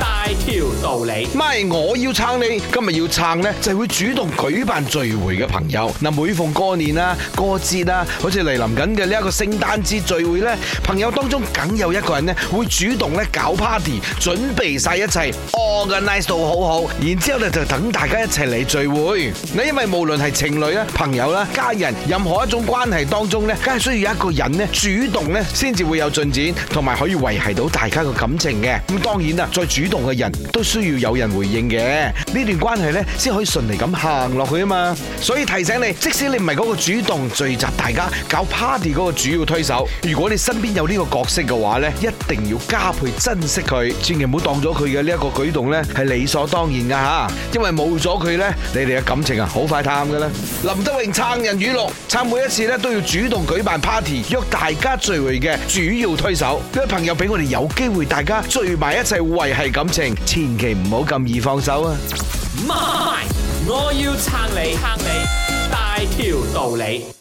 大條道理，唔係我要撐你，今日要撐呢，就係會主動舉辦聚會嘅朋友。嗱，每逢過年啊、過節啊，好似嚟臨緊嘅呢一個聖誕節聚會呢，朋友當中梗有一個人呢，會主動咧搞 party，準備晒一切 organise 到好好，然之後咧就等大家一齊嚟聚會。你因為無論係情侶啊、朋友啦、家人，任何一種關係當中呢，梗係需要一個人呢主動呢，先至會有進展，同埋可以維繫到大家嘅感情嘅。咁當然啦，再主動主動嘅嘅人都需要有人回應嘅，呢段關係呢，先可以順利咁行落去啊嘛。所以提醒你，即使你唔係嗰個主動，聚集大家，搞感情千祈唔好咁易放手啊！唔係，我要撐你，撐你大條道理。